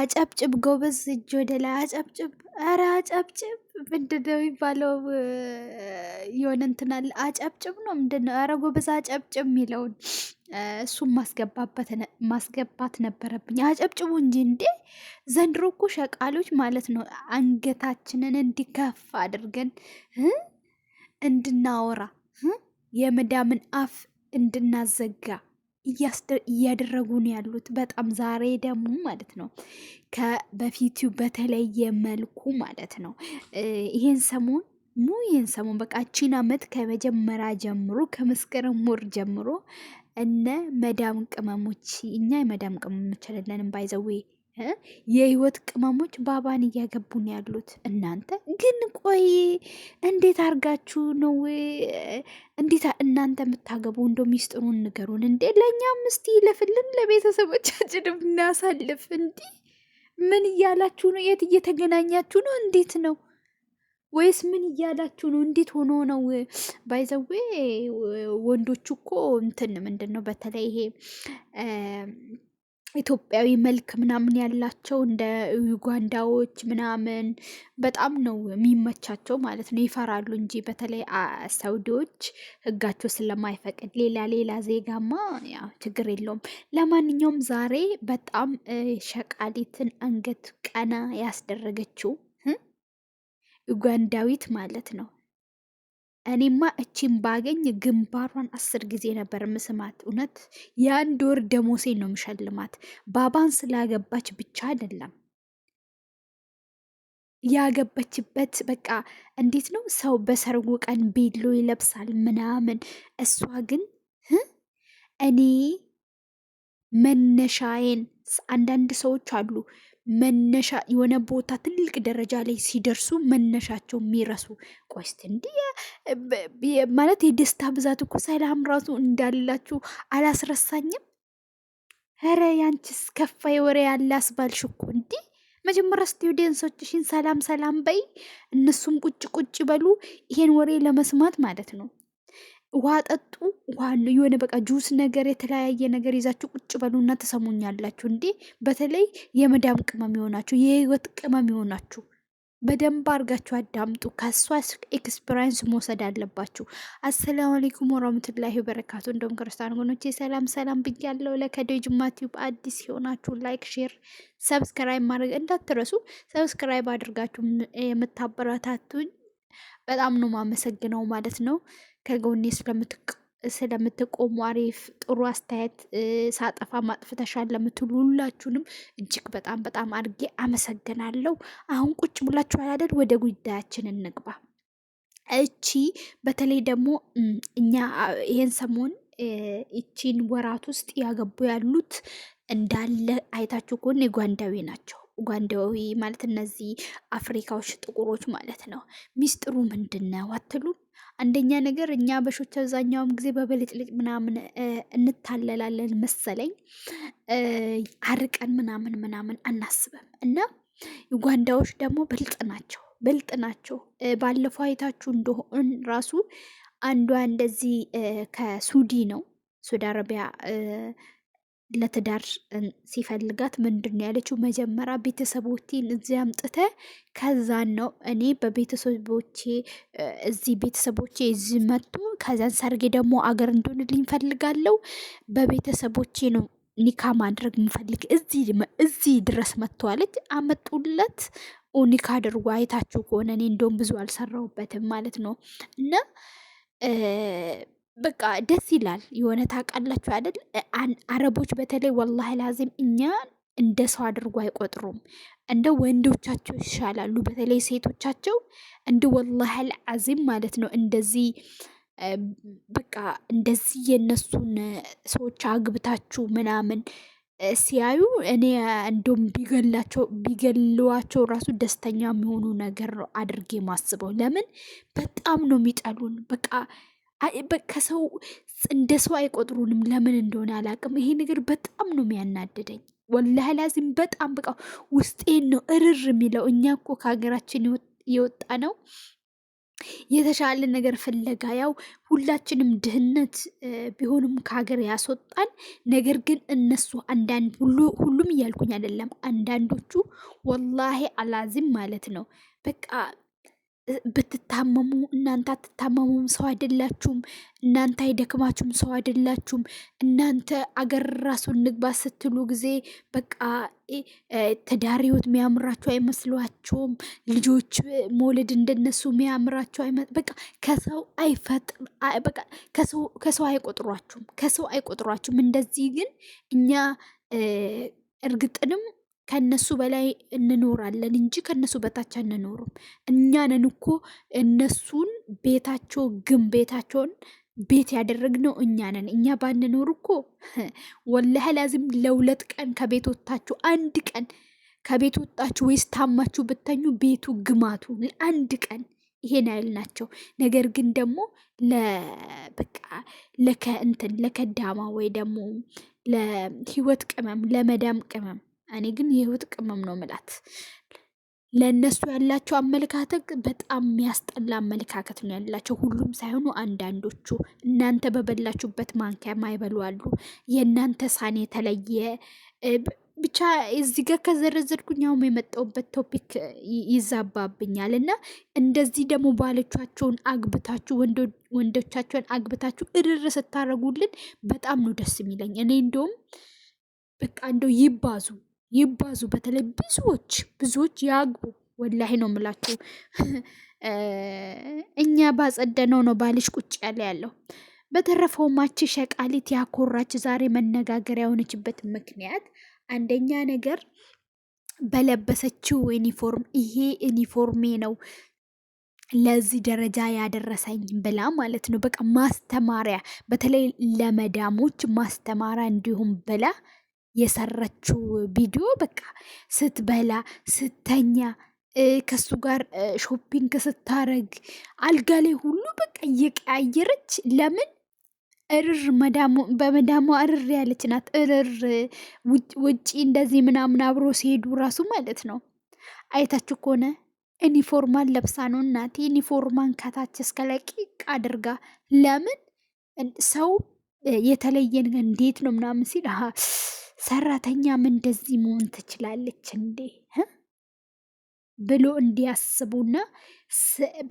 አጨብጭብ ጎበዝ፣ እጅ ወደ ላይ አጨብጭብ። ኧረ አጨብጭብ ምንድን ነው የሚባለው? የሆነ እንትን አለ አጨብጭብ ነው ምንድን ነው? ኧረ ጎበዝ አጨብጭብ የሚለውን እሱም ማስገባት ነበረብኝ። አጨብጭቡ እንጂ እንዴ! ዘንድሮ እኮ ሸቃሎች ማለት ነው አንገታችንን እንዲከፍ አድርገን እንድናወራ የመዳምን አፍ እንድናዘጋ እያደረጉ ነው ያሉት። በጣም ዛሬ ደግሞ ማለት ነው ከበፊቱ በተለየ መልኩ ማለት ነው ይሄን ሰሞን ሙ ይህን ሰሞን በቃ ቺን አመት ከመጀመሪያ ጀምሮ ከመስከረም ወር ጀምሮ እነ መዳም ቅመሞች እኛ የመዳም ቅመሞች አይደለንም ባይዘዌ የህይወት ቅመሞች ባባን እያገቡ ነው ያሉት። እናንተ ግን ቆይ እንዴት አርጋችሁ ነው እንዴት እናንተ የምታገቡ? እንደ ሚስጥሩን ንገሩን እንዴ! ለእኛም እስቲ ይለፍልን፣ ለቤተሰቦቻችን እናሳልፍ። እንዲህ ምን እያላችሁ ነው? የት እየተገናኛችሁ ነው? እንዴት ነው ወይስ ምን እያላችሁ ነው? እንዴት ሆኖ ነው? ባይዘዌ ወንዶቹ እኮ እንትን ምንድን ነው በተለይ ይሄ ኢትዮጵያዊ መልክ ምናምን ያላቸው እንደ ዩጋንዳዎች ምናምን በጣም ነው የሚመቻቸው ማለት ነው። ይፈራሉ እንጂ በተለይ ሳውዲዎች ሕጋቸው ስለማይፈቅድ ሌላ ሌላ ዜጋማ ችግር የለውም። ለማንኛውም ዛሬ በጣም ሸቃሊትን አንገት ቀና ያስደረገችው ዩጋንዳዊት ማለት ነው እኔማ እቺን ባገኝ ግንባሯን አስር ጊዜ ነበር ምስማት። እውነት የአንድ ወር ደሞሴን ነው ምሸልማት። ባባን ስላገባች ብቻ አይደለም ያገበችበት በቃ እንዴት ነው ሰው በሰርጉ ቀን ቤሎ ይለብሳል ምናምን። እሷ ግን እኔ መነሻዬን አንዳንድ ሰዎች አሉ መነሻ የሆነ ቦታ ትልቅ ደረጃ ላይ ሲደርሱ መነሻቸው የሚረሱ ቆስት እንዲህ ማለት የደስታ ብዛት እኮ ሰላም ራሱ እንዳላችሁ አላስረሳኝም። ኧረ ያንቺስ ከፋ ወሬ ያለ አስባልሽ እኮ እንዲህ መጀመሪያ ስቱዲየንሶችሽን ሰላም ሰላም በይ፣ እነሱም ቁጭ ቁጭ በሉ። ይሄን ወሬ ለመስማት ማለት ነው። ውሃ ጠጡ፣ ውሃ አለ የሆነ በቃ ጁስ ነገር የተለያየ ነገር ይዛችሁ ቁጭ በሉና ተሰሙኛላችሁ። እንዴ በተለይ የመዳም ቅመም የሆናችሁ የህይወት ቅመም የሆናችሁ በደንብ አርጋችሁ አዳምጡ። ከእሷ ኤክስፔሪንስ መውሰድ አለባችሁ። አሰላሙ አለይኩም ወራህመቱላሂ ወበረካቱ። እንደውም ክርስቲያን ወገኖቼ ሰላም ሰላም ብያለሁ። ለከደ ጅማ ቲዩብ አዲስ የሆናችሁ ላይክ፣ ሼር፣ ሰብስክራይብ ማድረግ እንዳትረሱ። ሰብስክራይብ አድርጋችሁ የምታበረታቱኝ በጣም ነው ማመሰግነው ማለት ነው። ከጎኔ ስለምትቆሙ አሪፍ ጥሩ አስተያየት ሳጠፋ ማጥፍተሻል ለምትሉ ሁላችሁንም እጅግ በጣም በጣም አድርጌ አመሰግናለሁ። አሁን ቁጭ ብላችኋል አይደል? ወደ ጉዳያችን እንግባ። እቺ በተለይ ደግሞ እኛ ይሄን ሰሞን እቺን ወራት ውስጥ ያገቡ ያሉት እንዳለ አይታችሁ ከሆነ ጓንዳዊ ናቸው። ኡጋንዳዊ ማለት እነዚህ አፍሪካዎች ጥቁሮች ማለት ነው። ሚስጥሩ ምንድን ነው አትሉም? አንደኛ ነገር እኛ በሾች አብዛኛውም ጊዜ በበልጭልጭ ምናምን እንታለላለን መሰለኝ፣ አርቀን ምናምን ምናምን አናስብም። እና ዩጋንዳዎች ደግሞ ብልጥ ናቸው፣ ብልጥ ናቸው። ባለፈው አይታችሁ እንደሆን ራሱ አንዷ እንደዚህ ከሱዲ ነው ሱዲ አረቢያ ለትዳር ሲፈልጋት ምንድን ነው ያለችው? መጀመሪያ ቤተሰቦቼን እዚህ አምጥተ ከዛን ነው እኔ በቤተሰቦቼ እዚህ ቤተሰቦቼ እዚህ መጡ፣ ከዛን ሰርጌ ደግሞ አገር እንድሆንልኝ ፈልጋለው። በቤተሰቦቼ ነው ኒካ ማድረግ ምፈልግ እዚህ ድረስ መጥተዋለች። አመጡለት ኒካ አድርጎ አይታችሁ ከሆነ እኔ እንደውም ብዙ አልሰራሁበትም ማለት ነው እና በቃ ደስ ይላል። የሆነ ታውቃላችሁ አይደል? አረቦች በተለይ ወላህ ላዚም እኛ እንደ ሰው አድርጎ አይቆጥሩም። እንደ ወንዶቻቸው ይሻላሉ። በተለይ ሴቶቻቸው እንደ ወላህል ላዚም ማለት ነው እንደዚህ በቃ እንደዚህ የነሱን ሰዎች አግብታችሁ ምናምን ሲያዩ እኔ እንደውም ቢገላቸው ቢገልዋቸው ራሱ ደስተኛ የሚሆኑ ነገር አድርጌ ማስበው። ለምን በጣም ነው የሚጠሉን በቃ ከሰው እንደ ሰው አይቆጥሩንም። ለምን እንደሆነ አላውቅም። ይሄ ነገር በጣም ነው የሚያናድደኝ። ወላህ ላዚም በጣም በቃ ውስጤን ነው እርር የሚለው። እኛ እኮ ከሀገራችን የወጣ ነው የተሻለ ነገር ፍለጋ ያው ሁላችንም ድህነት ቢሆንም ከሀገር ያስወጣን። ነገር ግን እነሱ አንዳንድ ሁሉም እያልኩኝ አይደለም፣ አንዳንዶቹ ወላሂ አላዚም ማለት ነው በቃ ብትታመሙ እናንተ አትታመሙም፣ ሰው አይደላችሁም። እናንተ አይደክማችሁም፣ ሰው አይደላችሁም። እናንተ አገር ራሱን እንግባ ስትሉ ጊዜ በቃ ትዳር ህይወት የሚያምራችሁ አይመስሏችሁም። ልጆች መውለድ እንደነሱ የሚያምራችሁ በቃ ከሰው አይፈጥ በቃ ከሰው አይቆጥሯችሁም፣ ከሰው አይቆጥሯችሁም። እንደዚህ ግን እኛ እርግጥንም ከነሱ በላይ እንኖራለን እንጂ ከነሱ በታች አንኖርም። እኛንን እኮ እነሱን ቤታቸው ግን ቤታቸውን ቤት ያደረግነው እኛ ነን። እኛ ባንኖር እኮ ወላሂ ላዚም ለሁለት ቀን ከቤት ወጥታችሁ አንድ ቀን ከቤት ወጣችሁ ወይስ ታማችሁ ብተኙ ቤቱ ግማቱ ለአንድ ቀን ይሄን አይል ናቸው። ነገር ግን ደግሞ ለበቃ ለከእንትን ለከዳማ ወይ ደግሞ ለህይወት ቅመም ለመዳም ቅመም እኔ ግን የህይወት ቅመም ነው ምላት። ለእነሱ ያላቸው አመለካከት በጣም የሚያስጠላ አመለካከት ነው ያላቸው። ሁሉም ሳይሆኑ አንዳንዶቹ እናንተ በበላችሁበት ማንኪያ ማይበሉ አሉ። የእናንተ ሳኔ የተለየ ብቻ እዚህ ጋር ከዘረዘርኩኝ ያውም የመጣውበት ቶፒክ ይዛባብኛል እና እንደዚህ ደግሞ ባሎቻቸውን አግብታችሁ ወንዶቻቸውን አግብታችሁ እርር ስታደርጉልን በጣም ነው ደስ የሚለኝ። እኔ እንደውም በቃ እንደው ይባዙ ይባዙ። በተለይ ብዙዎች ብዙዎች ያግቡ። ወላሂ ነው የምላችሁ። እኛ ባጸደነው ነው ባልሽ ቁጭ ያለ ያለው። በተረፈው ማች ሸቃሊት ያኮራች ዛሬ መነጋገሪያ የሆነችበት ምክንያት አንደኛ ነገር በለበሰችው ዩኒፎርም ይሄ ዩኒፎርሜ ነው ለዚህ ደረጃ ያደረሰኝ ብላ ማለት ነው። በቃ ማስተማሪያ በተለይ ለመዳሞች ማስተማሪያ እንዲሁም ብላ የሰራችው ቪዲዮ በቃ ስትበላ ስተኛ ከሱ ጋር ሾፒንግ ስታረግ አልጋ ላይ ሁሉ በቃ እየቀያየረች ለምን እርር በመዳሟ እርር ያለች ናት። እርር ውጪ እንደዚህ ምናምን አብሮ ሲሄዱ ራሱ ማለት ነው። አይታችሁ ከሆነ ዩኒፎርማን ለብሳ ነው እናቴ፣ ዩኒፎርማን ከታች እስከ ለቂቅ አድርጋ ለምን ሰው የተለየን እንዴት ነው ምናምን ሲል ሰራተኛም እንደዚህ መሆን ትችላለች እንዴ ብሎ እንዲያስቡና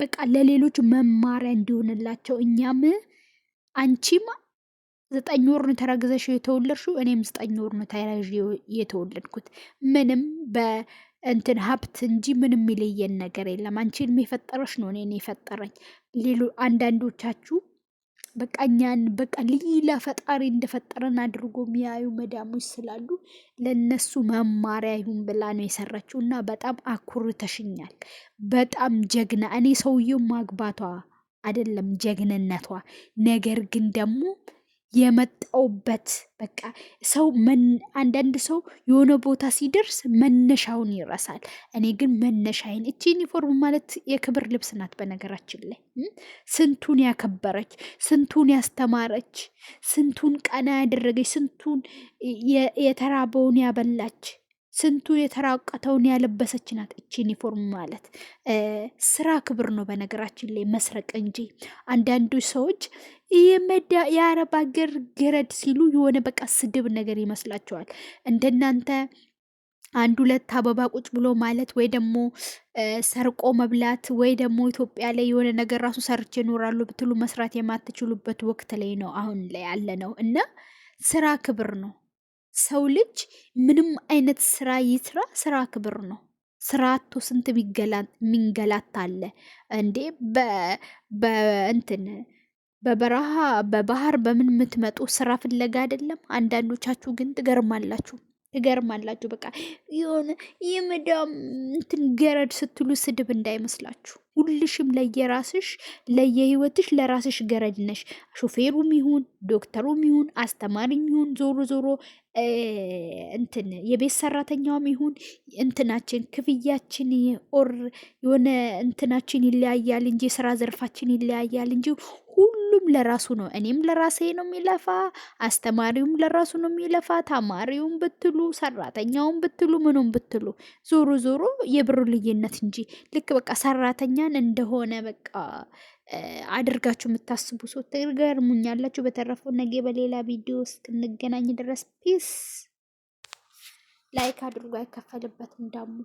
በቃ ለሌሎች መማሪያ እንዲሆንላቸው እኛም አንቺም ዘጠኝ ወር ነው ተረግዘሽ የተወለድሽው፣ እኔም ዘጠኝ ወር ነው ተረግዤ የተወለድኩት። ምንም በእንትን ሀብት እንጂ ምንም ይለየን ነገር የለም። አንቺንም የፈጠረሽ ነው እኔን የፈጠረኝ። ሌሎ አንዳንዶቻችሁ በቃ እኛን በቃ ሌላ ፈጣሪ እንደፈጠረን አድርጎ የሚያዩ መዳሞች ስላሉ ለእነሱ መማሪያ ይሁን ብላ ነው የሰራችው። እና በጣም አኩርተሽኛል። በጣም ጀግና እኔ ሰውየው ማግባቷ አይደለም ጀግንነቷ ነገር ግን ደግሞ የመጣውበት በቃ ሰው አንዳንድ ሰው የሆነ ቦታ ሲደርስ መነሻውን ይረሳል። እኔ ግን መነሻዬን እቺ ዩኒፎርም ማለት የክብር ልብስ ናት። በነገራችን ላይ ስንቱን ያከበረች፣ ስንቱን ያስተማረች፣ ስንቱን ቀና ያደረገች፣ ስንቱን የተራበውን ያበላች ስንቱ የተራቀተውን ያለበሰች ናት እቺ ዩኒፎርም ማለት ስራ ክብር ነው። በነገራችን ላይ መስረቅ እንጂ አንዳንዱ ሰዎች የአረብ ሀገር ገረድ ሲሉ የሆነ በቃ ስድብ ነገር ይመስላቸዋል። እንደናንተ አንድ ሁለት አበባ ቁጭ ብሎ ማለት ወይ ደግሞ ሰርቆ መብላት ወይ ደግሞ ኢትዮጵያ ላይ የሆነ ነገር ራሱ ሰርቼ ይኖራሉ ብትሉ መስራት የማትችሉበት ወቅት ላይ ነው አሁን ላይ ያለ ነው እና ስራ ክብር ነው። ሰው ልጅ ምንም አይነት ስራ ይስራ፣ ስራ ክብር ነው። ስራ አቶ ስንት የሚንገላታ አለ እንዴ! በእንትን በበረሃ በባህር በምን የምትመጡ ስራ ፍለጋ አይደለም። አንዳንዶቻችሁ ግን ትገርማላችሁ። እገርማላችሁ። በቃ የሆነ የመዳም እንትን ገረድ ስትሉ ስድብ እንዳይመስላችሁ። ሁልሽም ለየራስሽ ለየህይወትሽ ለራስሽ ገረድ ነሽ። ሾፌሩም ይሁን ዶክተሩም ይሁን አስተማሪም ይሁን ዞሮ ዞሮ እንትን የቤት ሰራተኛውም ይሁን እንትናችን ክፍያችን ኦር የሆነ እንትናችን ይለያያል እንጂ የስራ ዘርፋችን ይለያያል እንጂ ሁሉ ሁሉም ለራሱ ነው። እኔም ለራሴ ነው የሚለፋ፣ አስተማሪውም ለራሱ ነው የሚለፋ። ተማሪውም ብትሉ፣ ሰራተኛውም ብትሉ፣ ምኑም ብትሉ ዞሮ ዞሮ የብሩ ልዩነት እንጂ ልክ በቃ ሰራተኛን እንደሆነ በቃ አድርጋችሁ የምታስቡ ሰው ትገርሙኛላችሁ። በተረፈው ነገ በሌላ ቪዲዮ እስክንገናኝ ድረስ ፒስ። ላይክ አድርጎ አይከፈልበትም ዳሙ